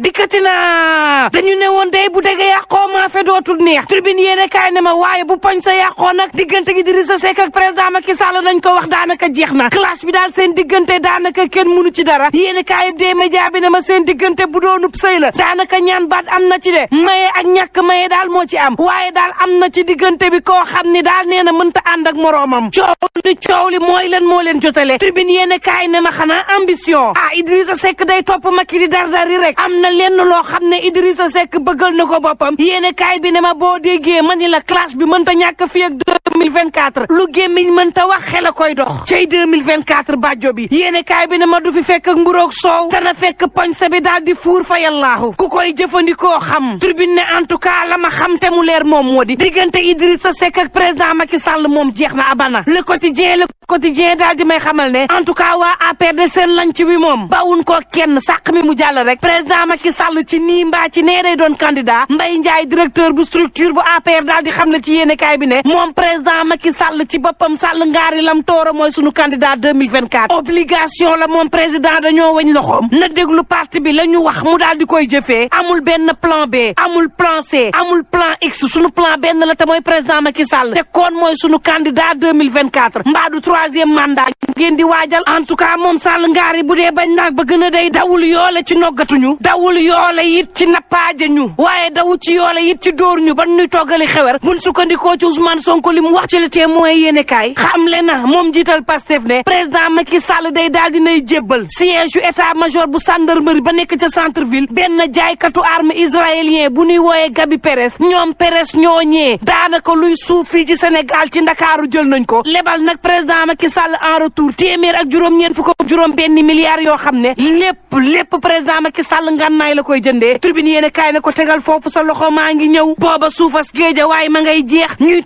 dikkati na dañu ne woon day bu dëgg yàqoo maa fe dootul neex tribune yéene kaay ne ma waaye bu poñ sa yàqoo nag diggante gi Idrissa Seck ak président Macky Sall nañ ko wax daanaka jeex na clash bi daal seen diggante daanaka kenn mënu ci dara yéene kaay dee média bi ne ma seen diggante bu doonub sëy la naka ñaan baat am na ci de maye ak ñàkk maye daal moo ci am waaye daal am na ci diggante bi koo xam ni daal nee na mënta ànd ak moroomam coow li coow li mooy lan moo leen jotale tribune yéene kaay ne ma xanaa ambition ah Idrissa Seck day topp Macky di na lenn loo xam ne Idrissa Seck bëggal na ko boppam yéene kaay bi ne boo déggee ma ni la clash bi mënta ñàkk fi ak 2024 lu gémmiñ mënta wax xel a koy dox cay 2024 bàjjo bi yéene kaay bi ne ma du fi fekk ak mburoog soow dana fekk poñ sa bi daal di fuur fa yàllaahu ku koy jëfandikoo xam tribune ne en tout cas la ma xam te mu leer moom moo di diggante Idrissa Seck ak président Macky Sall moom jeex na abana le quotidien le quotidien daal di may xamal ne en tout cas waa APR de seen lañ ci wi moom bawun ko kenn sàq mi mu jàll rek président Macky Sall ci nii mbaa ci nee day doon candidat Mbaye Ndiaye directeur bu bu APR daal di xam ne ci yéene kaay bi président Macky Sall ci mooy sunu candidat obligation la moom président dañoo weñ loxoom na déglu parti bi la wax mu daal di koy jëfee amul benn plan B amul plan C amul plan X sunu plan benn la te mooy président Macky Sall te kon mooy sunu candidat 2024 mbaa du troisième mandat ngeen di waajal en tout cas moom Sall ngaari bu dee bañ naag ba gën a day dawul yoole ci noggatuñu dawul yoole it ci nappaaje ñu waaye dawu ci yoole it ci dóor ñu ban ñuy toggali xewer buñ sukkandikoo ci Ousmane Sonko li mu wax ci le témoin yéene kaay xamle na moom jiital Pastef ne président Macky Sall day daal dinay jébbal siège yu état major bu gendarmerie ba nekk ca centre ville benn jaaykatu arme israélien bu nuy wooyee Gabi Peres ñoom Peres ñoo ñee daanaka luy suuf fii ci Sénégal ci Ndakaaru jël nañ ko lebal nag président maki Sall en retour téeméer ak juróom-ñeent fukk juróom benn milliards yoo xam ne lépp lépp président maki Sall ngànnaay la koy jëndee tribune yéene kaay na ko tegal foofu sa loxo maa ngi ñëw booba suufas géeja waaye ma ngay jeex ñuy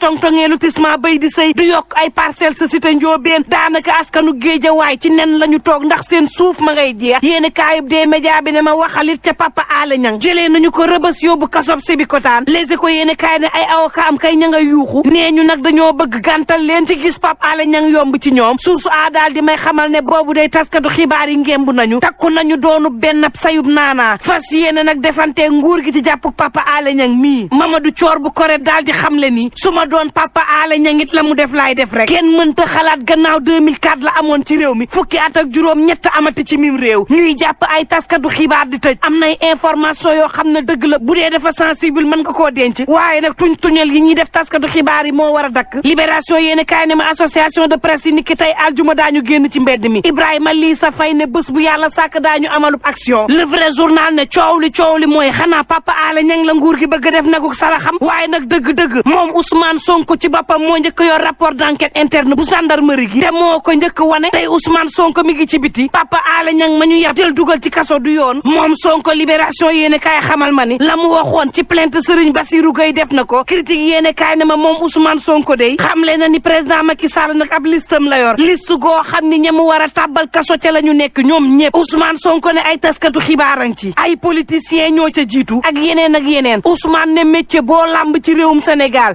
établissement Bay di sëy di yokk ay parcelles sa cité Ndiobène daanaka askanu Géejawaay la ñu toog ndax seen suuf ma ngay jeex yéen kaayub dee média bi ne ma waxalit ca Papa Alé Niang jëlee nañu ko rëbës yóbbu kasob Sébikotane Les Échos yéen kaay ne ay avocat am kay ña nga yuuxu nee ñu nag dañoo bëgg gàntal leen ci gis Papa Alé Niang yomb ci ñoom source su daal di may xamal ne boobu day taskatu xibaar yi ngemb nañu takku nañu doonu benn sayub naanaa fas yéene nag defante nguur gi ci jàpp Papa ale Niang mii Mamadou coor bu Corée daal di xamle ni su ma doon Papa Aly Niang it la mu def laay def rek kenn mënta xalaat gannaaw 2004 la amoon ci réew mi fukki at ak juróom ñett amati ci mim réew ñuy jàpp ay taskatu xibaar di tëj am nay information yoo xam ne dëgg la bu dee dafa sensible mën nga koo denc waaye nag tuñ tuñal yi ñuy def taskatu xibaar yi moo a dakk libération yéeni kaay ne ma ki tey aljuma daañu génn ci mbedd mi Ibrahima lii sa fay ne bés bu yàlla sàkk daañu amalub action le vrai journal ne li coow li mooy xanaa Papa Aly Niang la nguur gi bëgg def nagu saraxam waaye nag dëgg-dëgg moom Ousmane Sonko ci boppam boppam moo njëkk yor rapport d'enquête interne bu gendarmerie gi te moo ko njëkk wane tey Ousmane Sonko mi ngi ci biti Papa Alé Niang ma ñu yab jël dugal ci kaso du yoon moom Sonko libération yéene kaay xamal ma ni la mu waxoon ci plainte Serigne Bassirou Gueye def na ko critique yéene na ne ma moom Ousmane Sonko dey xamle na ni président Macky Sall nag ab listam la yor liste goo xam ni ñamu war a tàbbal kaso ca la ñu nekk ñoom ñëpp Ousmane Sonko ne ay taskatu xibaaran ci ay politiciens ñoo ca jiitu ak yeneen ak yeneen Ousmane ne métier boo làmb ci réewum Sénégal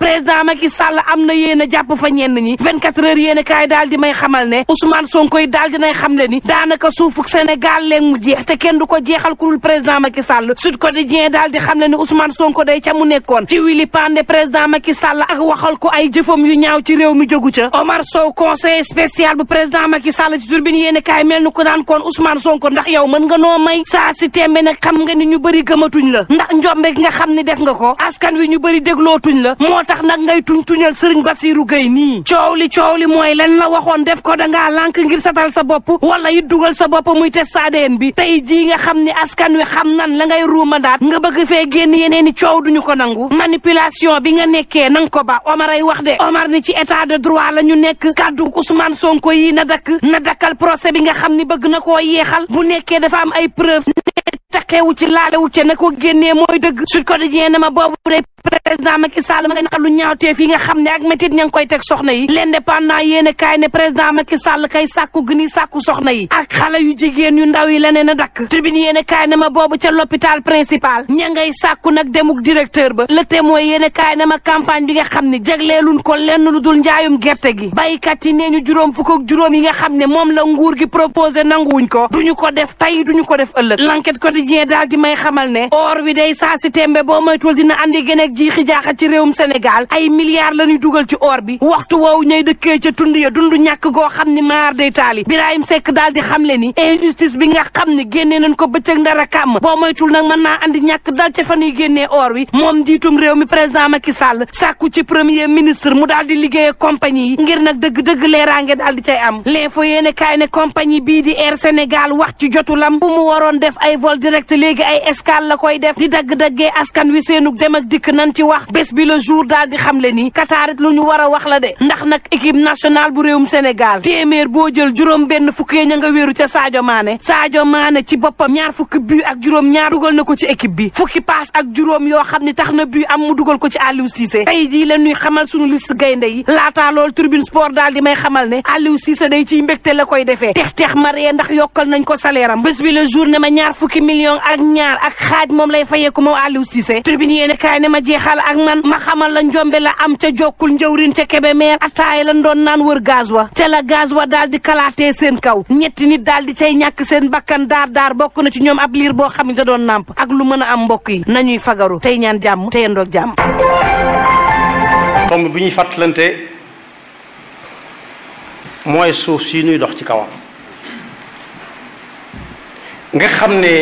na yéen a jàpp fa ñenn ñi 24 heures yéen a kaay daal di may xamal ne Ousmane Sonko yi daal dinay xamle ni daanaka suufuk Sénégal leen mu jeex te kenn du ko jeexal ku dul président Macky Sall Sud Quotidien daal di xamle ni son ko day ca mu nekkoon ci wili pande président Macky Sall ak waxal ko ay jëfam yu ñaaw ci réew mi jógu ca Omar Sow conseiller spécial bu président Macky Sall ci turbine yéen a kaay mel ni ko daan koon son ko ndax yow mën nga noo may saa si tembe nag xam nga ni ñu bëri gëmatuñ la ndax njombe gi nga xam ni def nga ko askan wi ñu bëri déglootuñ la moo tax Serigne Bassirou nii coow li coow li mooy lan la waxoon def ko dangaa lank ngir satal sa bopp wala it dugal sa bopp muy test ADN bi tey jii nga xam ni askan wi xam nan la ngay daat nga bëgg fee génn yeneen i coow duñu ko nangu manipulation bi nga nekkee nang ko ba Omar ay wax de Omar ni ci état de droit la ñu nekk kàddu Ousmane Sonko yi na dakk na dakkal procès bi nga xam ni bëgg na koo yeexal bu nekkee dafa am ay preuve taxewu ci laalewu ci na ko génnee mooy dëgg su ma président Macky Sall ma nga naqar lu ñaawteef yi nga xam ne ak métit ña ngi koy teg soxna yi l'indépendant yéene kaay ne président Macky Sall kay sàkku gi ni sàkku soxna yi ak xale yu jigéen yu ndaw yi leneen a dakk tribune yéene kaay ne ma boobu ca l'hôpital principal ña ngay sàkku nag demuk directeur ba le témoin yéene kaay ne ma campagne bi nga xam ne jagleelun ko lenn lu dul njaayum gerte gi baykat yi nee ñu juróom fukk ak juróom yi nga xam ne moom la nguur gi proposé nanguwuñ ko duñu ko def tey duñu ko def ëllëg l'enquête quotidien daal di may xamal ne or wi andi gene ak jiixi jaaxa ci réew réewum Sénégal ay milliards la ñu dugal ci or bi waxtu woowu ñooy dëkkee ca tund ya dund ñàkk goo xam ni maar day taali Birahim Seck daal di xam ni injustice bi nga xam ni génnee nañ ko bëccëg ndara kàmm boo moytul nag mën naa indi ñàkk dal ca fa ñuy génnee or wi moom njiitum réew mi président Macky Sall sàkku ci premier ministre mu daal di liggéey compagnie yi ngir nag dëgg-dëgg leeraange daal di cay am l'info yéene kaay ne compagnie bii di Air wax ci jotulam bu mu waroon def ay vol direct léegi ay escale la koy def di dagg-daggee askan wi seenug dem ak dikk nañ ci wax bés bi le jour daal di xam le ni Qatar it lu ñu war a wax la de ndax nag équipe nationale bu réewum Sénégal téeméer boo jël juróom benn fukki ña nga wéeru ca Sadio Mané Sadio Mané ci boppam ñaar fukki but ak juróom ñaar dugal na ko ci équipe bi fukki passe ak juróom yoo xam ni tax na but am mu dugal ko ci Aliou Cissé tey jii la ñuy xamal suñu liste gaynde yi laataa loolu Tribune Sport daal di may xamal ne Aliou Cissé day ciy mbégte la koy defee tex tex maree yokkal nañ ko salaire am bés bi le jour ne ma ñaar fukki million ak ñaar ak moom lay fayeeku moom Aliou Cissé Tribune yéene jeexal ak man ma xamal la njombe la am ca jokkul njëwrin ca Kébémer ataay la doon naan wër gaz wa ca la gaz wa daal di kalaatee seen kaw ñetti nit daal di cay ñàkk seen bakkan daar daar bokk na ci ñoom ab liir boo xam ne da doon nàmp ak lu mën a am mbokk yi nañuy fagaru tey ñaan jàmm tey ndoog jàmm tomb bi ñuy fàttalante mooy suuf si nuy dox ci kawam nga xam ne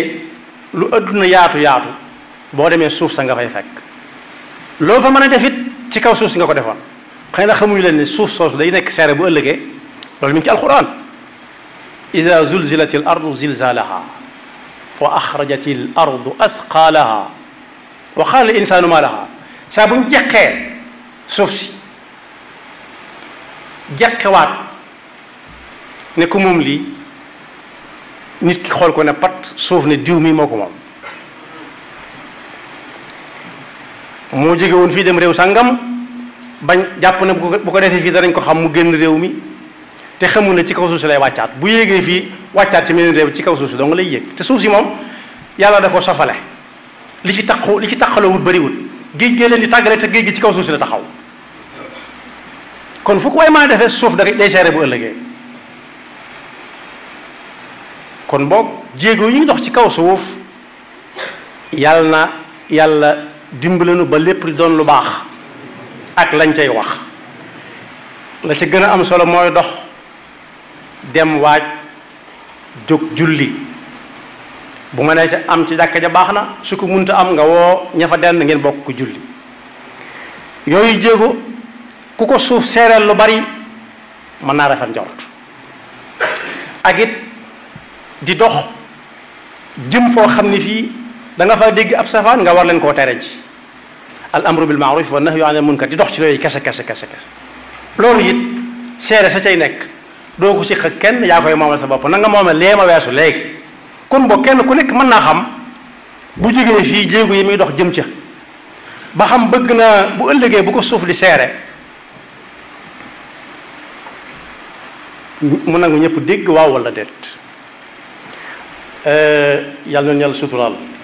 lu adduna yaatu yaatu boo demee suuf sa nga fay fekk loo fa mën a def it ci kaw suuf si nga ko defoon xëy na xamuñu leen ne suuf soosu day nekk seere bu ëllëgee loolu mi ngi ci alquran ida zulzilati l ardu zilzalaha wa axrajati l ardu atqaalaha wa maa laha saa bu ñu jeqee suuf si jeqewaat ne ko moom lii nit ki xool ko ne pat suuf ne diw mi moo ko moo jóge fii dem réew sàngam bañ jàpp ne bu ko defee fii danañ ko xam mu génn réew mi te xamul ne ci kaw suuf si lay wàccaat bu yéegee fii wàccaat ci meneen réew ci kaw suuf si lay yéeg te suuf si moom yàlla da ko li ci taqu li ci taqaloo wut géej gee di tàggale te géej gi ci kaw suuf si la taxaw kon fu ko waay mën a defee suuf da day seere bu ëllëgee kon boog jéego yi ñu dox ci kaw suuf yàlla na yàlla dimbalanu ba lépp di doon lu baax ak lañ cay wax la ci gën a am solo mooy dox dem waaj jóg julli bu ma nee ca am ci jàkka ja baax na su ko munta am nga woo ña fa dend ngeen bokk ko julli yooyu jéego ku ko suuf seereel lu bari mën naa rafet njort ak di dox jëm foo xam ni fii danga nga faa dégg ab safaan nga war leen koo tere ji al amru bil maaruf wa nahyu anil munkar di dox ci loolu kese kese kese loolu it seere sa cay nekk doo ko siq ak kenn yaa koy moomal sa bopp na nga moomee lee ma weesu léegi kon boo kenn ku nekk mën naa xam bu jógee fii jéego yi muy dox jëm ca ba xam bëgg naa bu ëllëgee bu ko suuf di seere mu nangu ñëpp dégg waaw wala déet euh, yàlla na yàlla suturaal